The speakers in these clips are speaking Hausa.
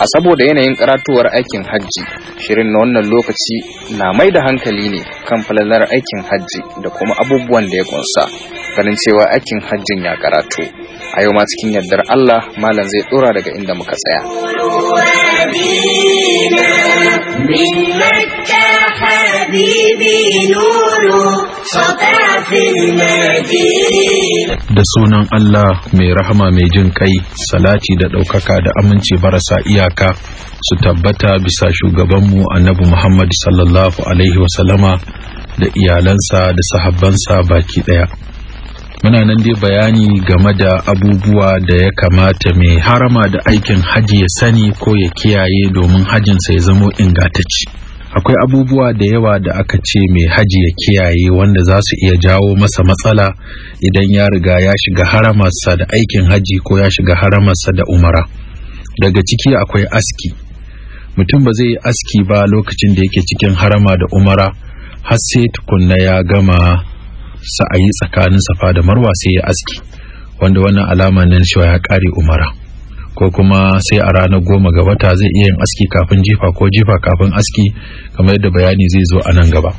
a saboda yanayin karatuwar aikin hajji shirin na wannan lokaci na mai da hankali ne kan falalar aikin hajji da kuma abubuwan da ya kunsa ganin cewa aikin hajjin ya karatu a yau ma cikin yardar allah malam zai tsora daga inda muka tsaya Da sunan Allah mai rahama mai jin kai, salati da ɗaukaka da aminci barasa iyaka su tabbata bisa shugabanmu annabi Muhammad sallallahu Alaihi wasallama da iyalansa da sahabbansa baki ɗaya. Muna nan dai bayani game da abubuwa da ya kamata mai harama da aikin hajji ya sani ko ya kiyaye domin hajjinsa ya zamo ingatacci. akwai abubuwa da yawa da aka ce mai haji ya kiyaye wanda za su iya jawo masa matsala idan ya riga ya shiga haramarsa da aikin haji ko ya shiga haramarsa da umara daga ciki akwai aski mutum ba zai yi aski ba lokacin da yake cikin harama da umara har sai tukunna ya gama sa'ayi tsakanin safa da marwa sai ya aski wanda wannan alama nan cewa ya kare umara ko kuma sai a ranar goma ga wata zai iya yin aski kafin jifa ko jifa kafin aski kamar yadda bayani zai zo a nan gaba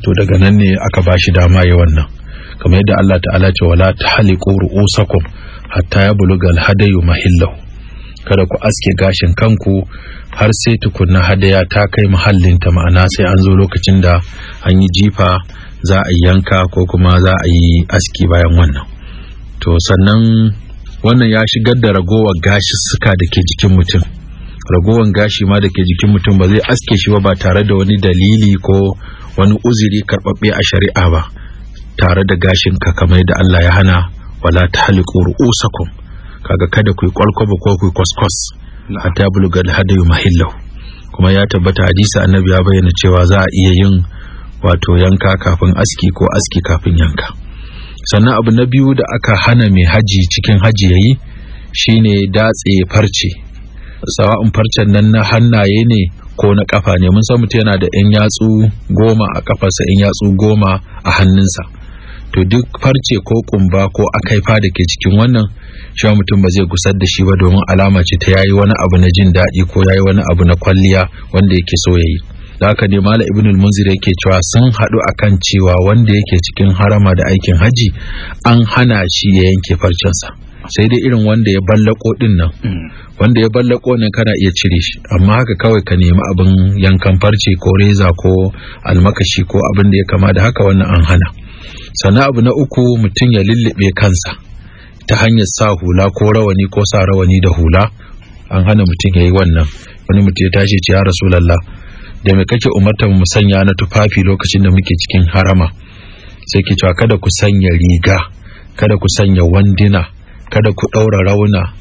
to daga nan ne aka ba shi dama ya wannan kamar yadda Allah ta'ala ce wala tahliqu ru'usakum hatta ya bulugal hadayu mahillahu kada ku aske gashin kanku har sai tukunna hadaya ta kai ta ma'ana sai an zo lokacin da an yi jifa za a yanka ko kuma za a yi aski bayan wannan to sannan wannan ya shigar da ragowar gashi suka da ke jikin mutum ragowar gashi ma da ke jikin mutum ba zai aske shi ba ba tare da wani dalili ko wani uziri karɓaɓɓe a shari'a ba tare da gashin ka kamar da Allah ya hana wala ta tahliqu ru'usakum kaga kada ku yi kwalkwaba ko ku yi kwaskwas hatta bulgal hadayu mahillahu kuma ya tabbata hadisi annabi ya bayyana cewa za a iya yin wato yanka kafin aski ko aski kafin yanka sannan abu na biyu da aka hana mai haji cikin haji ya yi shine datse farce sawa'in farcen nan na hannaye ne ko na kafa ne mun san mutum yana da yan yatsu goma a kafarsa yan yatsu goma a hannunsa to duk farce ko kumba ko akaifa da ke cikin wannan shi mutum ba zai gusar da shi ba domin alama ce ta yayi wani abu na jin daɗi ko yayi wani abu na kwalliya wanda yake so yayi da haka ne mala ibn al-munzir yake cewa sun haɗu akan cewa wanda yake cikin harama da aikin haji an hana shi ya yanke farcensa sai dai irin wanda ya ballako din nan hmm. wanda ya ballako ne kana iya cire shi amma haka kawai ka nemi abin yankan farce ko reza ko almakashi ko abin da ya kama da haka wannan an hana sannan abu na uku mutum ya lullube kansa ta hanyar sa hula ko rawani ko sa rawani da hula an hana mutum ya yi wannan wani mutum ya tashi ce ya rasulallah da me kake umarta mu sanya na tufafi lokacin da muke cikin harama sai ke cewa kada ku sanya riga kada ku sanya wandina kada ku ɗaura rauna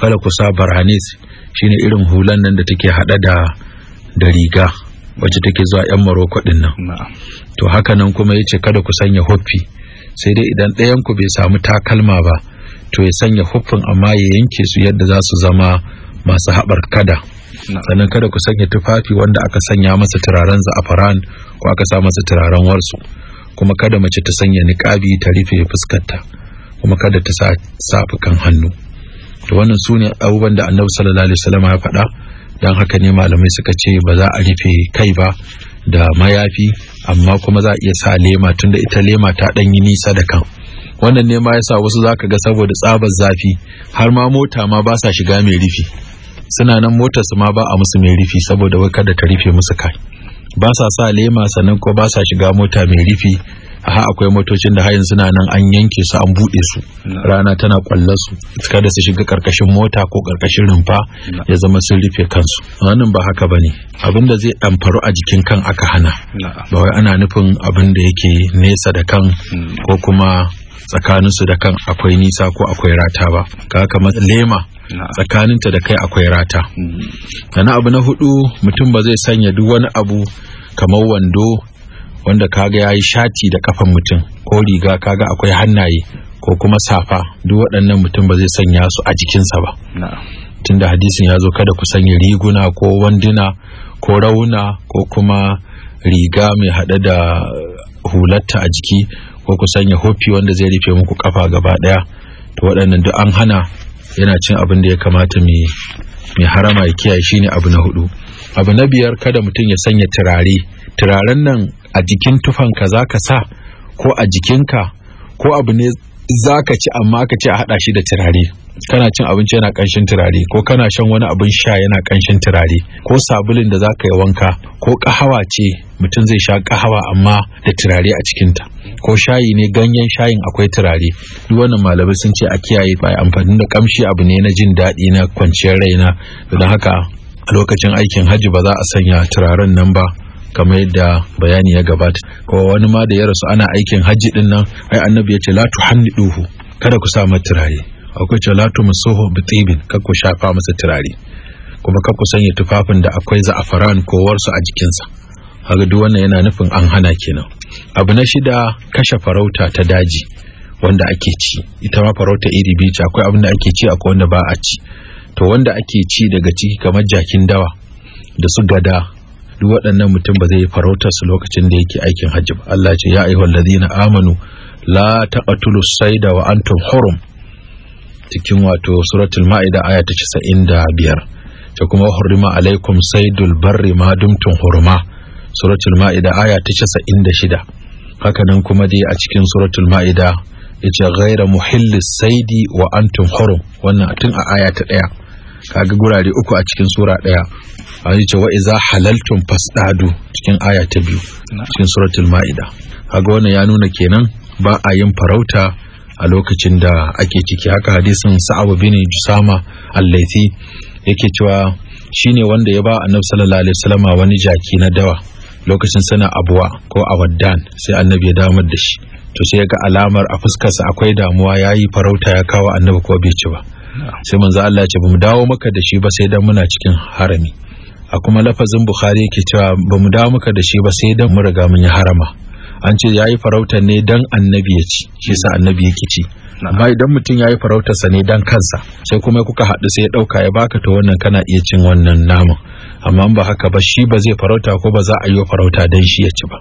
kada ku sa baranis shine irin hulan nan da take hada da da riga wacce take zuwa yan maroko din nan to haka nan kuma yace kada ku sanya huffi sai dai idan ɗayan ku bai samu takalma ba to ya sanya huffin amma ya yanke su yadda za su zama masu haɓar kada sannan kada ku sanya tufafi wanda aka sanya masa turaren za'afaran ko aka sa masa turaren warsu kuma kada mace ta sanya niqabi ta rufe fuskarta kuma kada ta sa safukan hannu to wannan sune abubuwan da Annabi sallallahu alaihi wasallam ya faɗa dan haka ne malamai suka ce ba za a rufe kai ba da mayafi amma kuma za a iya sa lema tunda ita lema ta ɗan yi nisa da kan wannan ne ma yasa wasu zaka ga saboda tsabar zafi har ma mota ma ba sa shiga mai rufi suna nan motar su ma ba a musu mai rufi saboda wai kada ta rufe musu kai ba sa sa lema sannan ko ba sa shiga mota mai rufi ha akwai motocin da hayan suna nan an yanke su an bude su rana tana kwallon su kada su shiga karkashin mota ko karkashin rumfa ya zama sun rufe kansu wannan ba haka bane abin da zai amfaru a jikin kan aka hana ba wai ana nufin abin da yake nesa da kan ko kuma tsakaninsu da kan akwai nisa ko akwai rata ba ka kamar lema tsakaninta da kai akwai rata mm. na abu na hudu mutum ba zai sanya duk wani abu kamar wando wanda kaga ya yi shati da kafan mutum ko riga kaga akwai hannaye ko kuma safa duk waɗannan mutum ba zai sanya su a jikinsa ba tunda hadisin ya zo kada ku sanya riguna ko wanduna ko rauna ko kuma riga mai haɗe da hulatta a jiki ko ku sanya hofi wanda zai rufe muku kafa gaba daya to waɗannan duk an hana yana cin abin da ya kamata mai mai harama ya kiyaye shine abu na hudu abu na biyar kada mutum ya sanya turare turaren nan a jikin tufan ka zaka sa ko a jikinka ko abu ne zaka ci amma ka ce a haɗa shi da turare kana cin abinci yana kanshin turare ko kana shan wani abin sha yana ƙanshin turare ko sabulin da zaka yi wanka ko kahawa ce mutum zai sha kahawa, amma da turare a cikinta ko shayi ne ganyen shayin akwai turare duk wannan malamai sun ce a kiyaye ba amfani da kamshi abu ne na jin daɗi na kwanciyar raina don haka a lokacin aikin hajji ba za a sanya turaren nan ba kamar yadda bayani ya gabata ko wani ma da ya rasu ana aikin hajji din nan ai annabi ya ce la tuhanniduhu kada ku sa masa turare akwai ce la tumsuhu tibin kar ku shafa masa turare kuma kada ku sanya tufafin da akwai za'afaran ko warsu a jikinsa haka duk wannan yana nufin an hana kenan abu na shida kashe farauta ta daji wanda ake ci ita ma farauta iri biyu ce akwai abin da ake ci akwai wanda ba a ci to wanda ake ci daga ciki kamar jakin dawa da su gada duk waɗannan mutum ba zai yi farautar su lokacin da yake aikin hajji ba Allah ce ya ayyuhal ladina amanu la taqtulu sayda wa antum hurum cikin wato suratul ma'ida aya ta 95 ta kuma hurima alaikum saydul barri ma dumtum hurma suratul ma'ida aya ta 96 haka nan kuma dai a cikin suratul ma'ida yace ghaira muhillis saidi wa antum hurum wannan tun a aya ta ɗaya kaga gurare uku a cikin sura ɗaya a yi ce wa iza halaltun fasdadu cikin aya ta biyu cikin suratul ma'ida kaga wannan ya nuna kenan ba a yin farauta a lokacin da ake ciki haka hadisin sa'abu bin jusama allaiti yake cewa shine wanda ya ba annabi sallallahu alaihi wasallama wani jaki na dawa lokacin sana abuwa ko a waddan, sai annabi ya damar da shi to sai ga alamar a fuskarsa akwai damuwa ya yi farauta ya kawo annabi ko bai ci ba sai manzo Allah ya ce bamu dawo maka da shi ba sai dan muna cikin harami a kuma lafazin bukhari yake cewa bamu dawo maka da shi ba sai dan mu riga mun yi harama an ce yayi farauta ne dan annabi ya ci shi yasa annabi yake ci amma idan mutum yayi farautar sa ne dan kansa sai kuma kuka haɗu sai ya dauka ya baka to wannan kana iya cin wannan naman amma ba haka ba shi ba zai farauta ko ba za a yi farauta dan shi ya ci ba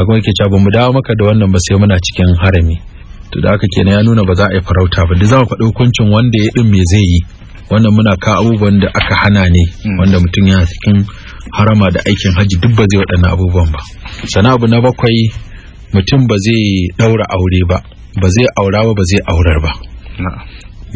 haka yake cewa bamu dawo maka da wannan ba sai muna cikin harami to da aka kenan ya nuna ba za a yi farauta ba da za mu faɗi hukuncin wanda ya din me zai yi wannan muna ka abubuwan da aka hana ne hmm. wanda mutum yana cikin harama da aikin hajji duk ba zai waɗannan abubuwan ba sana abu na bakwai mutum ba zai ɗaura aure ba ba zai aura ba ba zai aurar ba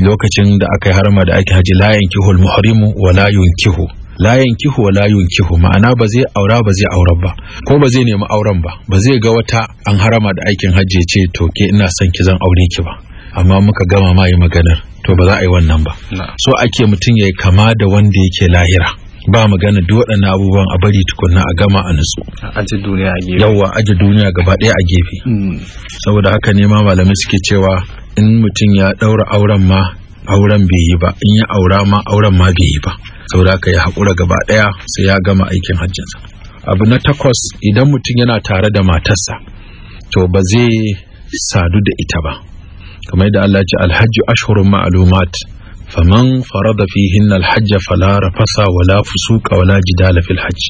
lokacin da aka yi harama da aikin hajji la yankihu al-muhrimu wa la yunkihu layan kihu wa layun kihu ma'ana ba zai aura ba zai auren ba ko ba zai nemi auren ba ba zai ga wata an harama da aikin hajji ce to ke ina son ki zan aure ki ba amma muka gama ma yi maganar to ba za a yi wannan ba so ake mutum ya yi kama da wanda yake lahira ba magana duk waɗannan abubuwan a bari tukunna a gama a nutsu aji duniya a gefe yawa aji duniya gaba ɗaya a gefe hmm. saboda haka ne ma malamai suke cewa in mutum ya ɗaura auren ma auren bai yi ba in ya aura ma auren ma bai yi ba saboda ka ya haƙura gaba ɗaya sai ya gama aikin hajjinsa abu na takwas idan mutum yana tare da matarsa to ba zai sadu da ita ba kamar da Allah ce alhajju ashhurun ma'lumat faman farada fihin alhajj fala rafasa wala fusuka wala jidala fil hajj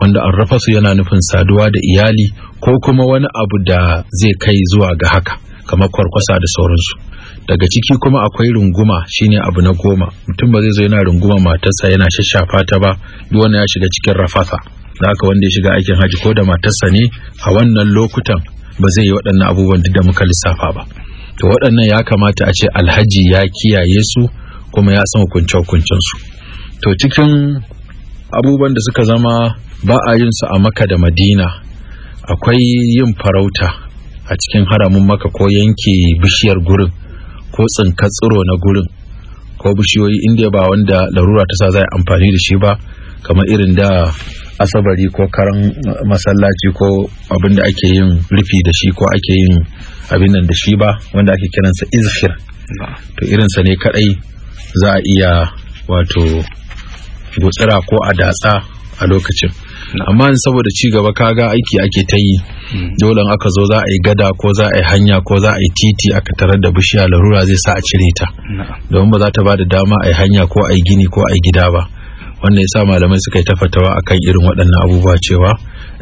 wanda an rafasu yana nufin saduwa da iyali ko kuma wani abu da zai kai zuwa ga haka kamar kwarkwasa da sauransu daga ciki kuma akwai runguma shine abu na goma mutum ba zai zo yana runguma matarsa yana shashafa ta ba duk wanda ya shiga cikin rafafa da haka wanda ya shiga aikin haji ko da matarsa ne a wannan lokutan ba zai yi waɗannan abubuwan duk da muka lissafa ba to waɗannan ya kamata a ce alhaji ya kiyaye su kuma ya san hukunce hukuncen su to cikin abubuwan da suka zama ba a yin su a maka da madina akwai yin farauta a cikin haramun maka ko yanke bishiyar gurin ko tsinkar tsiro na gurin ko bishiyoyi inda ba wanda larura ta sa zai amfani da shi ba kamar irin da asabari ko karan masallaci ko abin da ake yin rufi da shi ko ake yin abin nan da shi ba wanda ake kiransa izfir to irinsa ne kadai za a iya wato gutsira ko a datsa a lokacin amma saboda ci gaba kaga aiki ake ta yi hmm. dole aka zo za a yi gada ko za a yi hanya ko za a yi titi aka tarar da bishiya larura zai sa a cire ta domin ba za ta ba da dama a yi hanya ko a yi gini ko a yi gida ba wannan yasa malamai suka yi ta fatawa akan irin waɗannan abubuwa cewa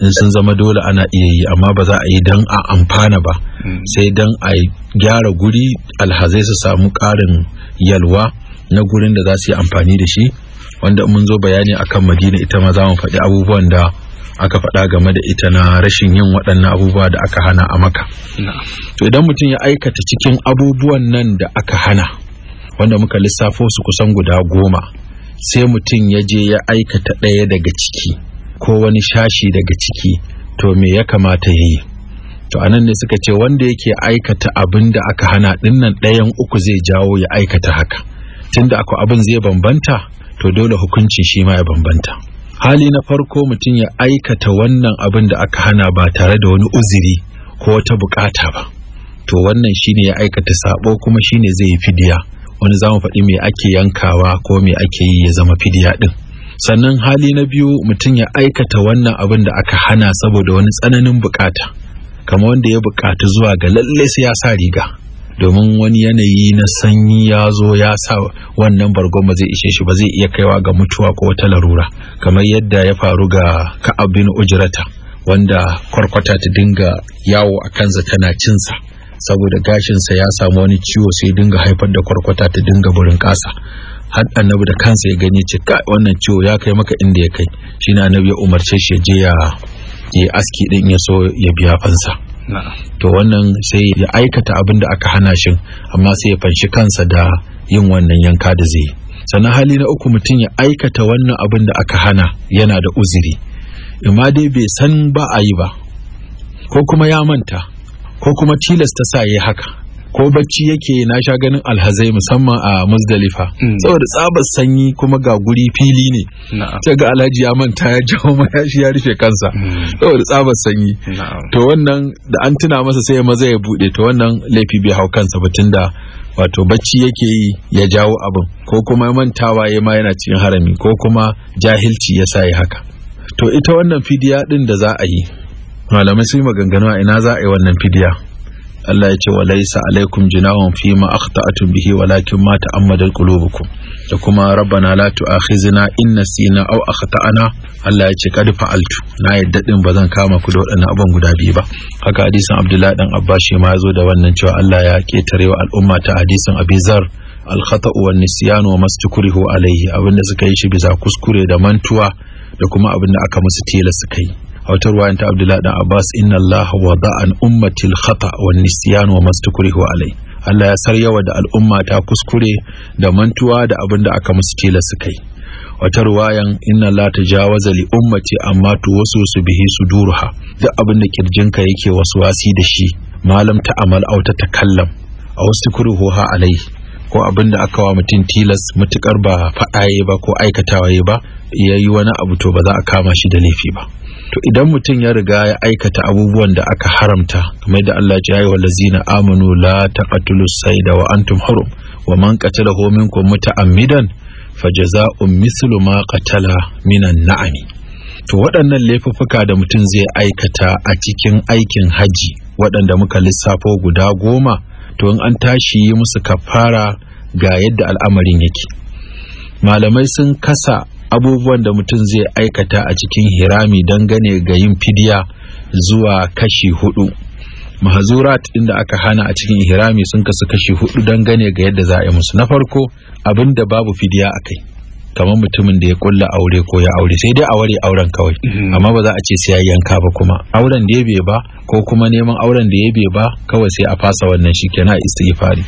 in sun zama dole ana iya yi amma ba za a yi dan a amfana ba hmm. sai dan a gyara guri alhazai su samu ƙarin yalwa na gurin da za su yi amfani da shi wanda mun zo bayani akan madina ita ma za mu faɗi abubuwan da aka faɗa game da ita na rashin yin waɗannan abubuwa da aka hana a maka to idan mutum ya aikata cikin abubuwan nan da aka hana wanda muka lissafo su kusan guda goma sai mutum ya je ya aikata ɗaya daga ciki ko wani shashi daga ciki to me ya kamata ya yi to anan ne suka ce wanda yake aikata abin da aka hana ɗinnan ɗayan uku zai jawo ya aikata haka tunda akwai abin zai bambanta to dole hukuncin shi ma ya bambanta hali na farko mutum ya aikata wannan abin da aka hana ba tare da wani uziri ko wata bukata ba to wannan shine ya aikata sabo kuma shine zai yi fidiya wani zamu faɗi me ake yankawa ko me ake yi ya zama fidiya din sannan hali na biyu mutum ya aikata wannan abin da aka hana saboda wani tsananin bukata kamar wanda ya bukatu zuwa ga lalle sai ya sa riga domin wani yanayi na sanyi ya zo ya sa wannan bargon ba zai ishe shi ba zai iya kaiwa ga mutuwa ko wata larura kamar yadda ya faru ga ka'ab ujirata, wanda kwarkwata ta dinga yawo a kansa tana cinsa saboda gashinsa ya samu wani ciwo sai dinga haifar da kwarkwata ta dinga burin kasa har annabi da kansa ya gani ce wannan ciwo ya kai maka inda ya kai shine annabi ya umarce shi ya je ya yi aski din ya so ya biya fansa to wannan sai ya aikata abin da aka hana shi amma sai ya fanshi kansa da yin wannan yanka da zai sannan hali na uku mutum ya aikata wannan abin da aka hana yana da uziri. amma dai bai san ba a yi ba ko kuma ya manta ko kuma tilasta sa ya haka ko bacci yake na sha ganin alhazai musamman a musdalifa hmm. saboda tsabar sanyi kuma ga guri fili ne ce ga alhaji ya manta ya jawo mayashi ya rufe kansa hmm. saboda tsabar sanyi to wannan da an tuna masa sai ya maza ya bude to wannan laifi bai hau kansa batun da wato bacci yake yi ya jawo abin ko kuma mantawa ya ma yana cikin harami ko kuma jahilci ya sa haka to ita wannan fidiya din da za a yi malamai sun yi maganganu a ina za a yi wannan fidiya Allah ya ce wa laisa alaikum junahun fi ma akhta'tum bihi walakin ma ta'ammadat qulubukum da kuma rabbana la tu'akhizna in nasina aw akhta'na Allah ya ce kad fa'altu na yadda din ba zan kama ku da waɗannan abin guda biyu ba haka hadisin Abdullahi dan Abbas shi ma yazo da wannan cewa Allah ya wa al'umma ta hadisin Abi Zar al-khata'u wan nisyanu wa mastukrihu alayhi abinda suka yi shi bisa kuskure da mantuwa da kuma abinda aka musu tilas suka yi a wata ruwayan ta Abdullah dan Abbas inna Allah an ummatil khata wan nisyan wa mastukrihu alai Allah ya yawa da al'umma ta kuskure da mantuwa da abin da aka musu tilasta kai wata ruwayan inna ta jawaza li ummati amma tu wasu su bihi suduruha duk abin da kirjinka yake wasu wasi da shi malam ta amal au ta takallam a wasu ha alai ko abin da aka wa mutum tilas mutukar ba faɗaye ba ko aikatawa ba yayi wani abu to ba za a kama shi da laifi ba to idan mutum ya riga ya aikata abubuwan da aka haramta kamar da Allah ya yi wa lazina amanu la taqatulu sayda wa antum hurum wa man qatalahu minkum muta'ammidan fajaza'u mislu ma qatala minan na'ami to waɗannan laifuffuka da mutum zai aikata a cikin aikin haji waɗanda muka lissafo guda goma to in an tashi yi musu kafara ga yadda al'amarin yake malamai sun kasa abubuwan da mutum zai aikata a cikin hirami gane ga yin fidiya zuwa kashi hudu mahazurat inda aka hana a cikin hirami sun kasu kashi hudu dangane ga yadda za a yi musu na farko abin da babu fidiya a kai kamar mutumin da ya kulla aure ko ya aure sai dai a ware auren kawai mhm. amma ba za a ce sai ya yanka ba kuma auren da ya bai ba ko kuma neman auren da ya bai ba kawai sai a fasa wannan shi kenan istighfari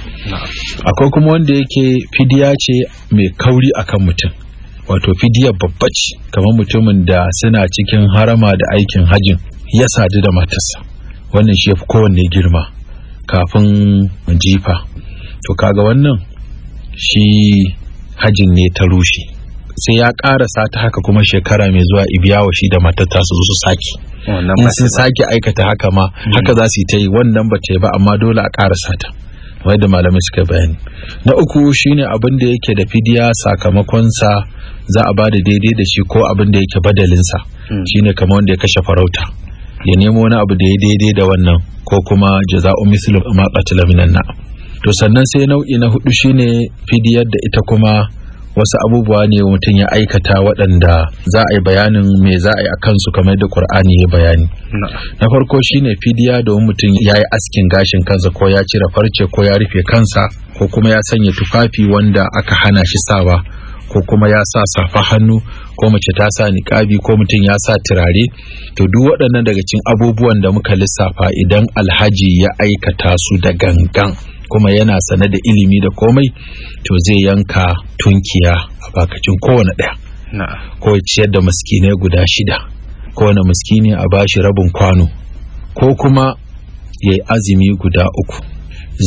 akwai kuma wanda yake fidiya ce mai kauri akan mutum wato fidiyar babba ce kamar mutumin da suna cikin harama da aikin hajjin ya sadu da matarsa wannan shi ya fi kowanne girma kafin jifa to kaga wannan shi hajin ne ta rushe sai ya karasa sata haka kuma shekara mai zuwa ibiyawa shi da matarsa su zo su sake in sun sake aikata haka ma haka hmm. za su yi ta yi wannan ba ta yi ba amma dole a karasa sata. kamar da malamai suka bayani na uku shine abin da yake da fidiya sakamakonsa sa za a bada daidai da shi ko abin da yake badalinsa. sa hmm. shine kamar wanda ya kashe farauta ya nemo wani abu da ya daidai da wannan ko kuma jaza'u mislim ma qatala minan na to sannan sai nau'i na hudu shine fidiyar da ita kuma wasu abubuwa ne mutum ya aikata waɗanda za a yi bayanin me za a yi a kansu kamar da kur'ani ya bayani na farko shi ne fidiya domin mutum ya yi askin gashin kansa ko ya cire farce ko ya rufe kansa ko kuma ya sanya tufafi wanda aka hana shi sawa ko kuma ya sa safa hannu ko mace ta sa niƙabi ko mutum ya sa turare to duk waɗannan daga cikin abubuwan da muka lissafa idan alhaji ya aikata su da gangan kuma yana sane da ilimi da komai to zai yanka tunkiya a bakacin kowane ɗaya ko ciyar da maskinai guda shida kowane maskine a bashi rabin kwano ko kuma ya yi azumi guda uku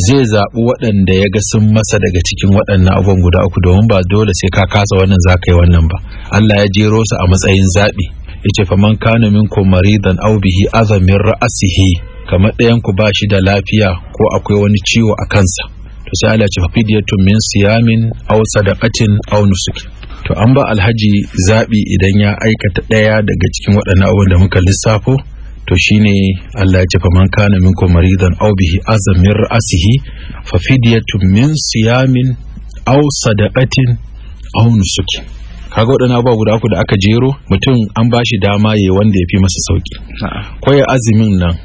zai zaɓi waɗanda ya ga sun masa daga cikin waɗannan abubuwan guda uku domin ba dole sai ka kasa wannan za ka yi wannan ba Allah ya jero su a matsayin zaɓi ya ce faman kana minkum maridan aw bihi azamin ra'asihi kamar ɗayan ku ba shi da lafiya ko akwai wani ciwo a kansa to sai Allah ce fidiyatun min siyamin aw sadaqatin aw nusuki to an ba alhaji zabi idan ya aikata ɗaya daga cikin waɗannan abubuwan da muka lissafo to shine Allah ya ce fa man kana minkum maridan aw bihi azam min ra'sihi fa fidyatun min siyamin aw sadaqatin aw nusuki kaga waɗannan ba guda uku da aka jero mutum an bashi dama yayi wanda ya fi masa sauki ko ya azumin nan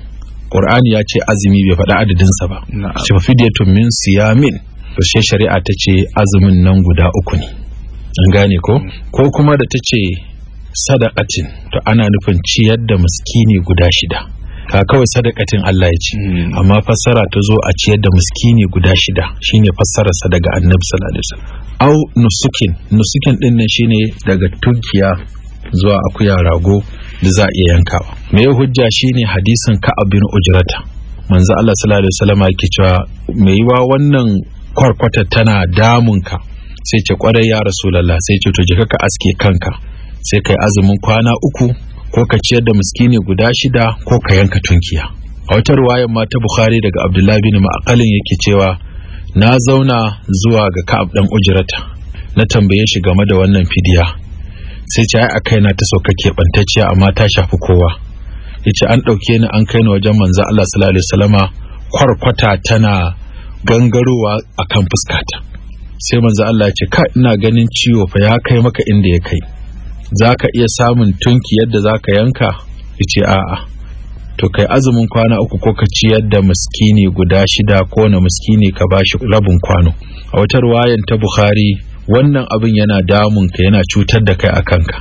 qur'ani ya ce azumi bai faɗa adadinsa ba ce fa fidyatun min siyamin to she shari'a ta ce azumin nan guda uku ne an gane ko ko kuma da ta ce sadaqatin to ana nufin ciyar da miskini guda shida ka kawai sadakatin Allah ya ci hmm. amma fassara ta zo a ciyar da miskini guda shida shine fassararsa sa daga annabi sallallahu alaihi wasallam au nusukin nusukin din nan shine daga tunkiya zuwa akuya rago da za a iya yanka ba. me hujja shine hadisin ka'ab bin ujrata manzo Allah sallallahu alaihi wasallam yake cewa me yiwa wannan kwarkwata tana damun ka sai ce kwarai ya rasulullah sai ce to je ka aske kanka sai kai azumin kwana uku ko ka ciyar da miskini guda shida ko ka yanka tunkiya a wata ruwayar ma ta bukhari daga abdullahi bin ma'aqalin yake cewa na zauna zuwa ga ka'ab dan ujrata na tambaye shi game da wannan fidiya sai ce ai a kaina ta sauka keɓantacciya amma ta shafi kowa yace an ɗauke ni an kai ni wajen manzo Allah sallallahu alaihi wasallama kwarkwata tana gangarowa akan fuskata sai manzo Allah ya ce ka ina ganin ciwo fa ya kai maka inda ya kai zaka iya samun tunki yadda za ka yanka yace a'a to kai azumin kwana uku ko ka ciyar da miskini guda shida ko na miskini ka bashi rabin kwano a wata ruwayan ta Bukhari wannan abin yana damun ka yana cutar da kai a kanka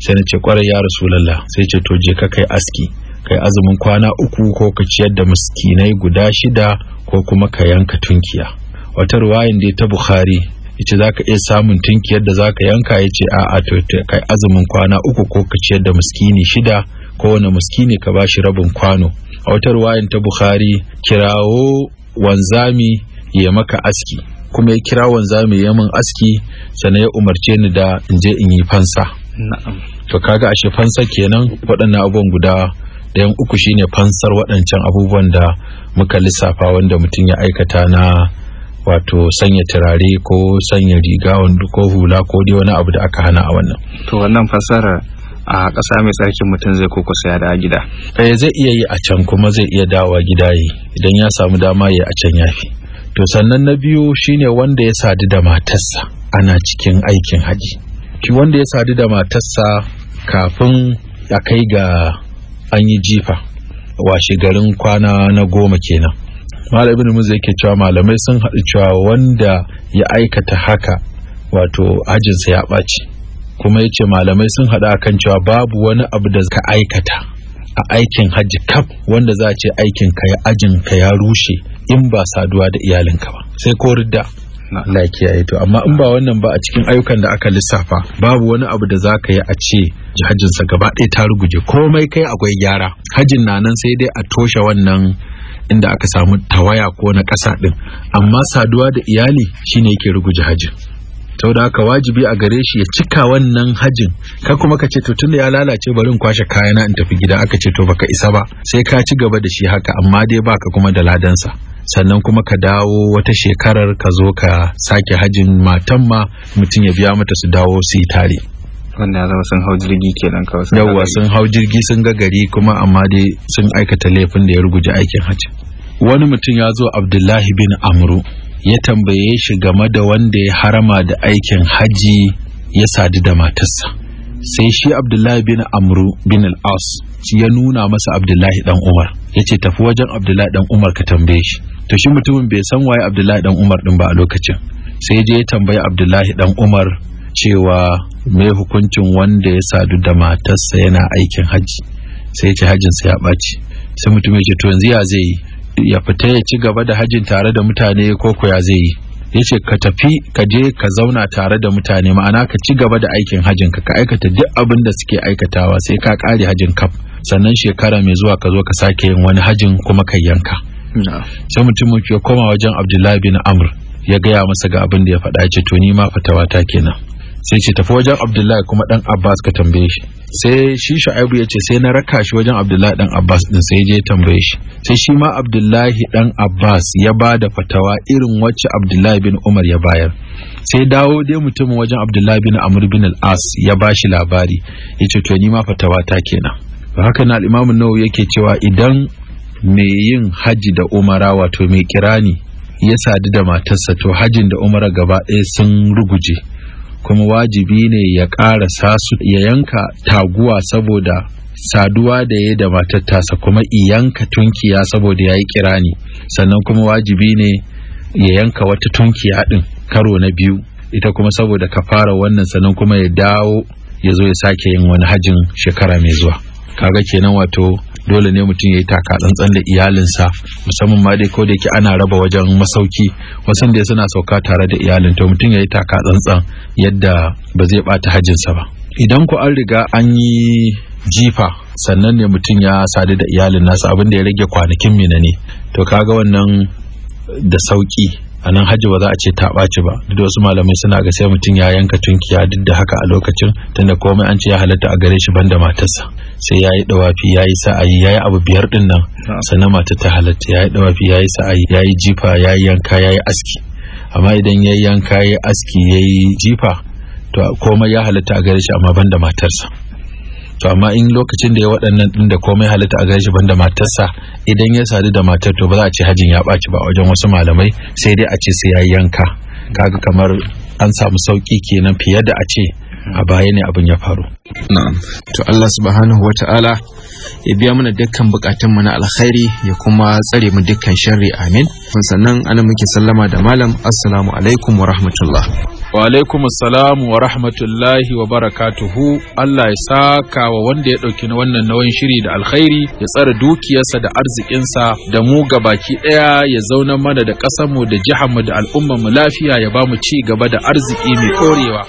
sai na ce kwarai ya rasu rasulallah sai ce to je ka kai aski kai azumin kwana uku ko ka ciyar da miskinai guda shida ko kuma ka yanka tunkiya wata ruwayin da ta bukhari ce za ka iya samun tunkiyar da za ka yanka ya ce a'a to kai azumin kwana uku ko ka ciyar da miskini shida kowane miskini ka bashi rabin kwano a wata ruwayin ta bukhari kirawo wanzami ya maka aski kuma ya kira wanzami ya min aski sannan ya umarce ni da in je in yi fansa to kaga ashe fansa kenan waɗannan abubuwan guda ɗayan uku shine fansar waɗancan abubuwan da muka lissafa wanda mutum ya aikata na wato sanya turare ko sanya riga wanda ko hula ko dai wani abu da aka hana a wannan to wannan fasara a ƙasa mai tsarkin mutum zai koko saya da gida eh zai iya yi a can kuma zai iya dawa gida yi idan ya samu dama ya a can yafi to sannan na biyu shine wanda ya sadu da matarsa ana cikin aikin haji shi wanda ya sadu da matarsa kafin a kai ga an yi jifa washe garin kwana na goma kenan malam ibn muzai yake cewa malamai sun haɗu cewa wanda ya aikata haka wato ajinsa ya ɓaci kuma ya ce malamai sun haɗu a kan cewa babu wani abu da ka aikata a aikin hajji kaf wanda za a ce aikin ya ajin ka ya rushe in ba saduwa da iyalinka ba sai ko ridda Allah kiyaye to amma in ba wannan ba a cikin ayyukan da aka lissafa babu wani abu da zaka yi a ce sa gaba ɗaya ta ruguje komai kai akwai gyara hajjin na nan sai dai a toshe wannan inda aka samu tawaya ko na ƙasa din. amma saduwa da iyali shine yake ruguje hajjin sau da haka wajibi a gare shi ya cika wannan hajin ka kuma ka ce to tunda ya lalace barin kwashe kayana in tafi gida aka ce to baka isa ba sai ka ci gaba da shi haka amma dai baka kuma da ladansa sannan kuma ka dawo wata shekarar ka zo ka sake hajin matan ma mutum ya biya mata su dawo su yi tare wanda ya zama sun hau jirgi kenan kawai yawwa sun hau jirgi sun ga gari kuma amma dai sun aikata laifin da ya ruguje aikin hajji wani mutum ya zo abdullahi bin amru ya tambaye shi game da wanda ya harama da aikin haji ya sadu da matarsa sai shi abdullahi bin amru bin al-as ya nuna masa abdullahi dan umar ya ce tafi wajen abdullahi dan umar ka tambaye shi to shi mutumin bai san waye abdullahi dan umar din ba a lokacin sai je ya tambayi abdullahi dan umar cewa me hukuncin wanda ya sadu da matarsa yana aikin haji sai ya ce hajjinsa ya ɓaci sai mutumin ya ce to yanzu ya zai yi ya fita ya ci gaba da hajin tare da mutane ko ko ya zai yi yace ka tafi ka je ka zauna tare da mutane ma'ana ka ci gaba da aikin hajin ka ka aikata duk abin da suke aikatawa sai ka kare hajin kaf sannan shekara mai zuwa ka zo ka sake yin wani hajin kuma ka yanka sai mutum ya koma wajen abdullahi bin amr ya gaya masa ga abin da ya faɗa ce to ni ma fatawa ta kenan sai ce tafi wajen abdullahi kuma dan abbas ka tambaye shi sai shi Shu'aibu ya ce sai na raka shi wajen abdullahi dan abbas din sai je tambaye shi sai shi ma abdullahi dan abbas ya ba da fatawa irin wacce abdullahi bin umar ya bayar sai dawo dai mutumin wajen abdullahi bin amr bin al-as ya ba shi labari ya ce to ni ma fatawa ta kenan haka na al-imam nawawi yake cewa idan mai yin hajji da umara wato mai kirani ya sadu da matarsa to hajjin da umara gaba ɗaya sun ruguje kuma wajibi ne ya ƙara sasu ya yanka taguwa saboda saduwa da ya da matar tasa kuma iyanka tunkiya saboda ya yi kirani sannan kuma wajibi ne ya yanka wata tunkiya ɗin karo na biyu ita kuma saboda ka fara wannan sannan kuma ya dawo ya zo ya sake yin wani hajin shekara mai zuwa kaga kenan wato dole ne mutum ya yi taka tsantsan da iyalinsa musamman ma dai ko da yake ana raba wajen masauki wasan da suna sauka tare da iyalin to mutum ya yi taka tsantsan yadda ba zai bata hajjinsa ba idan ku an riga an yi jifa sannan ne mutum ya sadu da iyalin nasa abinda ya rage kwanakin mina ne to kaga wannan da sauki a nan hajji ba za a ce ta ɓaci ba duk wasu malamai suna ga sai mutum ya yanka tunkiya duk da haka a lokacin tunda komai an ce ya halatta a gare shi banda matarsa sai ya yi dawafi ya yi sa'ayi ya yi abu biyar din nan sannan mata ta halatta ya yi dawafi ya yi sa'ayi ya yi jifa ya yi yanka ya yi aski amma idan ya yi yanka ya yi aski ya yi jifa to komai ya halatta a gare shi amma banda matarsa to amma in lokacin da ya waɗannan ɗin da komai halitta a gaishe banda matarsa idan ya sadu da matar to ba za a ce hajin ya ɓaci ba wajen wasu malamai sai dai a ce sai ya yanka kaga kamar an samu sauƙi kenan fiye da a ce a baya ne abin ya faru na'am to Allah subhanahu wata'ala ya biya mana dukkan bukatun mu na alkhairi ya kuma tsare mu dukkan sharri amin sannan ana muke sallama da malam assalamu alaikum wa rahmatullah wa alaikum salamu wa rahmatullahi wa barakatuhu Allah ya saka wa wanda ya ɗauki na wannan nawan shiri da alkhairi ya tsara dukiyarsa da arzikinsa da mu ga baki ɗaya ya zauna mana da ƙasarmu da mu da al'ummarmu lafiya ya ba mu ci gaba da arziki mai ɗorewa.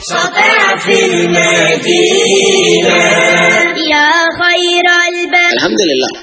Alhamdulillah.